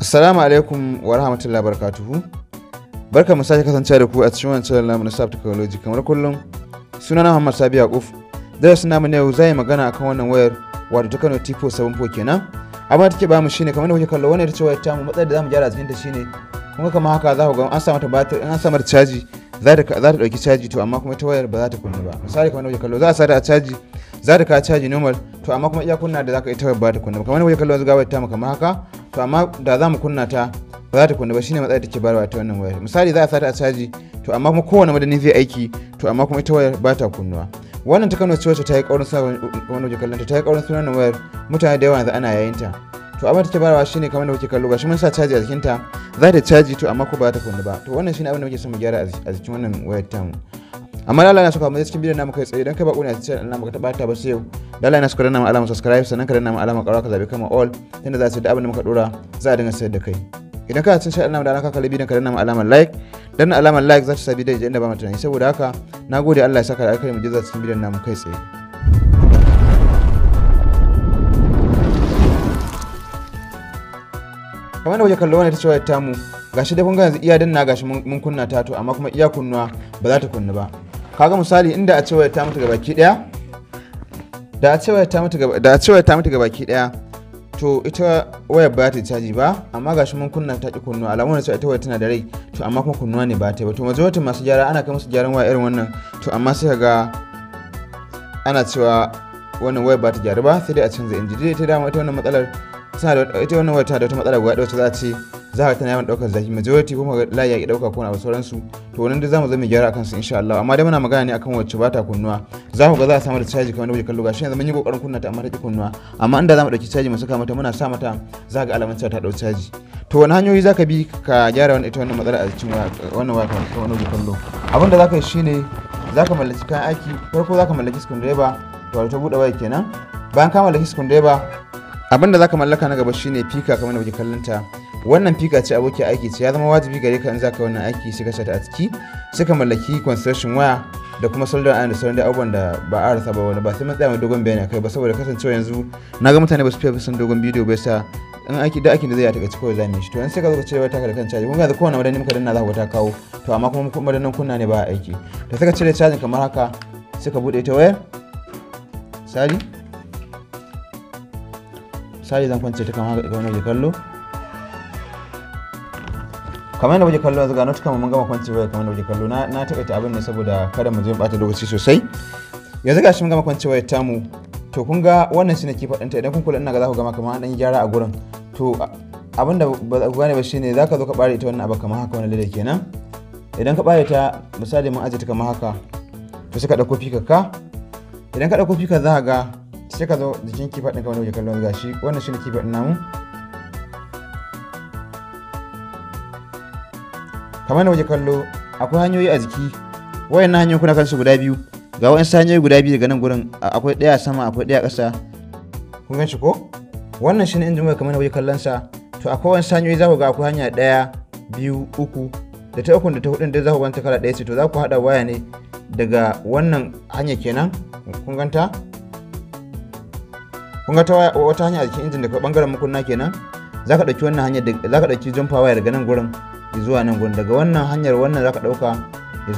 Assalamu alaikum wa rahmatullahi barakatuhu. Barka mu sake kasancewa da ku a cikin wancan namu na Sub Technology kamar kullum. Sunana Muhammad Sabi Yakuf. Darasin namu na yau zai magana akan wannan wayar wato ta Kano t 7 kenan. Abin da take ba mu shine kamar da kuke kallo wannan ita ce wayar tamu matsayin da zamu gyara a cikin ta shine kuma kamar haka za ku ga an samu ta batir in an samu mata caji za ta ɗauki caji to amma kuma ta wayar ba za ta kunna ba misali kamar wajen kallo za a sa a caji za ta kawo caji normal to amma kuma iya kunna da za ka ita wayar ba ta kunna ba kamar wajen kallo zuwa ga wayar ta kamar haka to amma da za mu kunna ta ba za ta kunna ba shine matsalar ke barwa ta wannan wayar misali za a sa a caji to amma kuma kowane madani zai aiki to amma kuma ita wayar ba ta kunnuwa wannan ta kano ce wacce ta yi ƙaurin sa wajen kallon ta yi kaurin sunan wayar mutane da yawa yanzu ana yayin ta to amma da take barawa shine kamar da kuke kallo gashi mun sa caji a jikinta za ta caji to amma ko ba ta kunni ba to wannan shine abin da muke son mu gyara a jikin wannan wayar tamu amma lala na suka mu cikin bidiyon namu kai tsaye don kai ba kuna cikin Allah ka tabbata ba sai yau na suka danna mu alamar subscribe sannan ka danna mu alamar ƙara ka zabi kama all tunda za su da abin da muka dora za a dinga sayar da kai idan kana cin sha'an da alaka kalli bidiyon ka danna mu alamar like danna alamar like za ta sa bidiyon idan da ba mutane tunani saboda haka nagode Allah ya saka da alkhairi mu cikin bidiyon namu kai tsaye kamar da wajen kallo wani ta cewa wayar tamu gashi dai kun ga yanzu iya danna gashi mun kunna ta to amma kuma iya kunnuwa ba za ta kunna ba kaga misali inda a cewa wayar ta mutu gabaki daya da a cewa ta mutu gaba da a cewa ta mutu gabaki daya to ita wayar ba ta caji ba amma gashi mun kunna ta ki kunnuwa alamu ne ita wayar tana da rai to amma kuma kunnuwa ne ba ta ba to majority masu gyara ana kai musu gyaran waya irin wannan to amma sai ga ana cewa wannan wayar ba ta gyara ba sai dai a canza inji dai ta dama ita wannan matsalar tana ita wannan wata tana da wata matsala guda wata za ce za ka tana yawan daukar zafi majority kuma layi ya ki dauka ko abu sauransu to wannan duk zamu zo mu gyara akan su insha Allah amma dai muna magana ne akan wacce bata kunnuwa za ku ga za a samu da caji kamar da kuke kallo gashi yanzu mun yi kokarin kunna ta amma ta ki kunnuwa amma inda zamu dauki caji mu saka mata muna sa mata za ga alamun cewa ta dau caji to wani hanyoyi za ka bi ka gyara wani ita wannan matsala a cikin wannan waya kamar wannan da kallo abin da za ka yi shine za ka mallaki kayan aiki farko za ka mallaki screen driver to ta buɗe waya kenan bayan ka mallaki screen driver abin da zaka mallaka na gaba shine fika kamar da muke kallanta wannan fika ce aboki aiki ce ya zama wajibi gare ka in zaka wannan aiki shi ka sata a ciki suka ka mallaki construction waya da kuma solder iron da sauran abubuwan da ba a rasa ba wani ba sai mun tsaya mai dogon bayani akai ba saboda kasancewa yanzu na ga mutane ba su fiye son dogon bidiyo ba yasa in aiki da aikin da zai ya taka cikowa zamu shi to in sai ka zo ka cire wata ka da kan caji kun ga kowane madanni muka danna za ka ta kawo to amma kuma madannin kunna ne ba aiki to sai ka cire cajin kamar haka sai ka bude ta wayar sari misali zan kwance ta kan haka ga wani kallo kamar yadda waje kallo yanzu ga not kamar mun gama kwance waya kamar waje kallo na na takaita abin ne saboda kada mu je mu bata lokaci sosai yanzu ga shi mun gama kwance waya tamu to kun ga wannan shine faɗin ta idan kun kula ina ga za ku gama kamar an dan gyara a gurin to abin da ba ku gane ba shine za ka zo ka bare ita wannan abu kamar haka wani lalle kenan idan ka bare ta misali mun aje ta kamar haka to sai ka ɗauko fikar ka idan ka ɗauko fikar za ka ga sai ka zo jikin kifa ɗin kamar da kuke kallon gashi wannan shine kifa ɗin namu kamar da kuke kallo akwai hanyoyi a jiki wayannan hanyoyin kuna kansu guda biyu ga waɗansu hanyoyi guda biyu daga nan gurin akwai ɗaya sama akwai ɗaya ƙasa kun gan shi ko wannan shine injin waya kamar da kuke kallon sa to akwai waɗansu hanyoyi za ku ga akwai hanya ɗaya biyu uku da ta ukun da ta hudun da za ku ganta kala ɗaya ce to za ku haɗa waya ne daga wannan hanya kenan kun ganta kun ga wata hanya a cikin injin daga bangaren mukunna kenan za ka ɗauki wannan hanyar za ka ɗauki jumper wire daga nan gurin zuwa nan gurin daga wannan hanyar wannan za ka ɗauka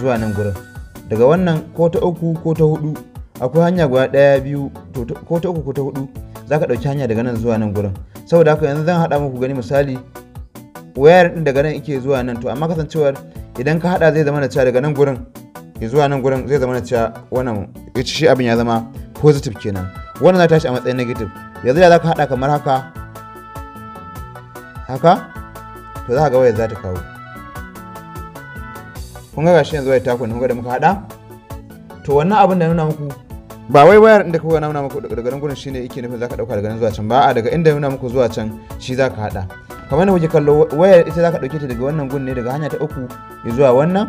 zuwa nan gurin daga wannan ko ta uku ko ta hudu akwai hanya guda ɗaya biyu ko ta uku ko ta hudu za ka ɗauki hanya daga nan zuwa nan gurin saboda haka yanzu zan haɗa muku gani misali wayar ɗin daga nan yake zuwa nan to amma kasancewar idan ka haɗa zai zama na cewa daga nan gurin zuwa nan gurin zai zama na cewa wannan shi abin ya zama positive kenan wannan za ta tashi a matsayin negative yanzu da za ka haɗa kamar haka haka to za ka ga wayar za ta kawo kun ga gashi yanzu wayar ta kun da muka haɗa to wannan abin da nuna muku ba wai wayar inda kuka nuna muku daga garin gurin shine yake nufin za ka ɗauka daga nan zuwa can ba a daga inda nuna muku zuwa can shi za ka haɗa kamar da kuke kallo wayar ita za ka ɗauke ta daga wannan gun ne daga hanya ta uku zuwa wannan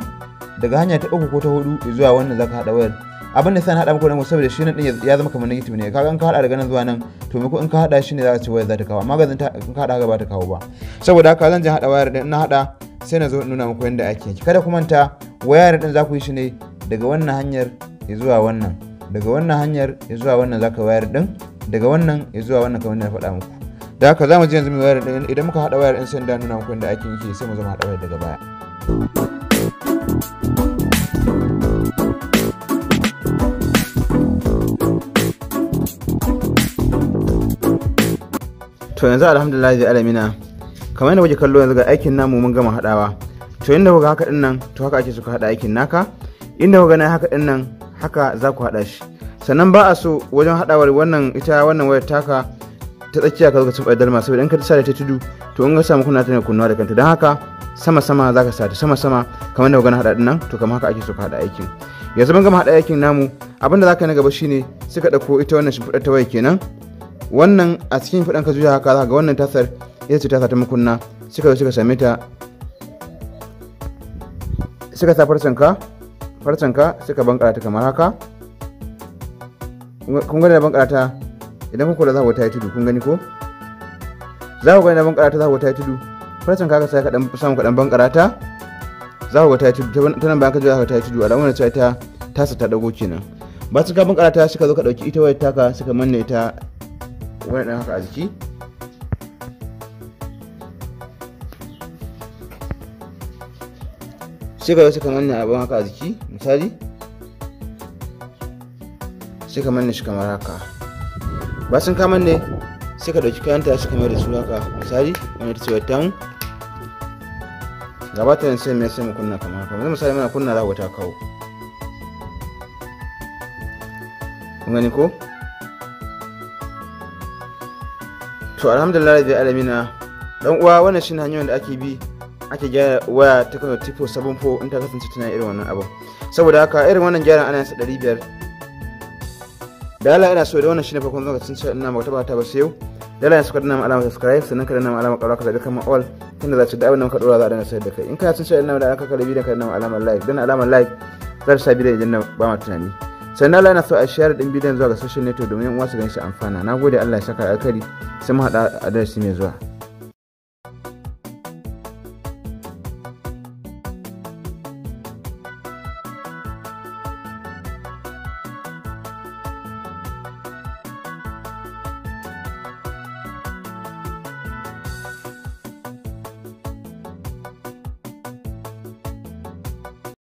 daga hanya ta uku ko ta hudu zuwa wannan za ka haɗa wayar abin da sana haɗa muku nan saboda shi nan ɗin ya zama kamar negative ne kaga in ka haɗa daga nan zuwa nan to me ko in ka haɗa shi ne za ka ci wayar za ta kawo magazin ta in ka haɗa ga ba ta kawo ba saboda haka zan je haɗa wayar ɗin na haɗa sai na zo nuna muku yadda ake kada ku manta wayar ɗin za ku yi shi ne daga wannan hanyar zuwa wannan daga wannan hanyar zuwa wannan za ka wayar ɗin daga wannan zuwa wannan kamar na faɗa muku da haka za mu ji yanzu mai wayar idan muka haɗa wayar 'yan sanda nuna muku da aikin yake sai mu zama haɗa wayar daga baya to yanzu alhamdulillah zai alamina kamar yadda kuke kallo yanzu ga aikin namu mun gama haɗawa to inda kuka haka ɗin nan to haka ake suka hada haɗa aikin naka inda kuka na haka ɗin nan haka za ku haɗa shi sannan ba a so wajen haɗawar wannan ita wannan wayar taka ta tsakiya ka zo ka ci dalma saboda in ka ta sare ta tudu to in ka samu kuna ta ne kunnuwa da kanta don haka sama sama za ka sa ta sama sama kamar da magana haɗa nan to kamar haka ake so ka haɗa aikin yanzu mun gama haɗa aikin namu abinda za ka na gaba shine sai ka ɗauko ita wannan shimfiɗar ta waya kenan wannan a cikin fiɗan ka juya haka za ga wannan tasar ita ce tasa ta mukunna sai ka zo ka same ta sai ka sa farcen ka farcen ka sai ka bankara ta kamar haka kun ga da bankara ta idan kuka kula za ku ta yi tudu kun gani ko za ku gani na bankara ta za ku ta yi tudu farcen kaka sai ka samu kaɗan bankara ta za ku ta yi tudu ta nan bayan ka za ku ta yi tudu alamun cewa ta tasa ta dago kenan ba su ka bankara ta suka zo ka ɗauki ita wayar taka suka manne ita wani ɗan haka a jiki sai ka zo suka manne abin haka a jiki misali sai ka manne shi kamar haka ba sun kama ne sai ka ɗauki kayanta su kamar da su haka misali wani ta ce wata mu gabata ne sai mai sai mu kunna kamar haka yanzu misali mana kunna rago ta kawo kun gani ko to alhamdulillah rabbil alamina dan uwa wannan shine hanyoyin da ake bi ake gyara waya ta kano tipo 74 in ta kasance tana irin wannan abin saboda haka irin wannan gyaran ana yasa 500 da Allah ina so da wannan shine farkon zaka cince ina martaba ta ba sai yau da Allah ya saka alama alamar subscribe sannan ka dinnan alamar ƙara ka zabi all tunda za ci da abin da muka dora za a dinga sayar da kai in ka cince ina da aka kalabi da ka dinnan alamar like dinnan alamar like za ta sa bidiyon idan ba ma tunani sannan Allah yana so a share din bidiyon zuwa ga social network domin yan uwa su ganin shi amfana nagode Allah ya saka alkari sai mu hada a darasi mai zuwa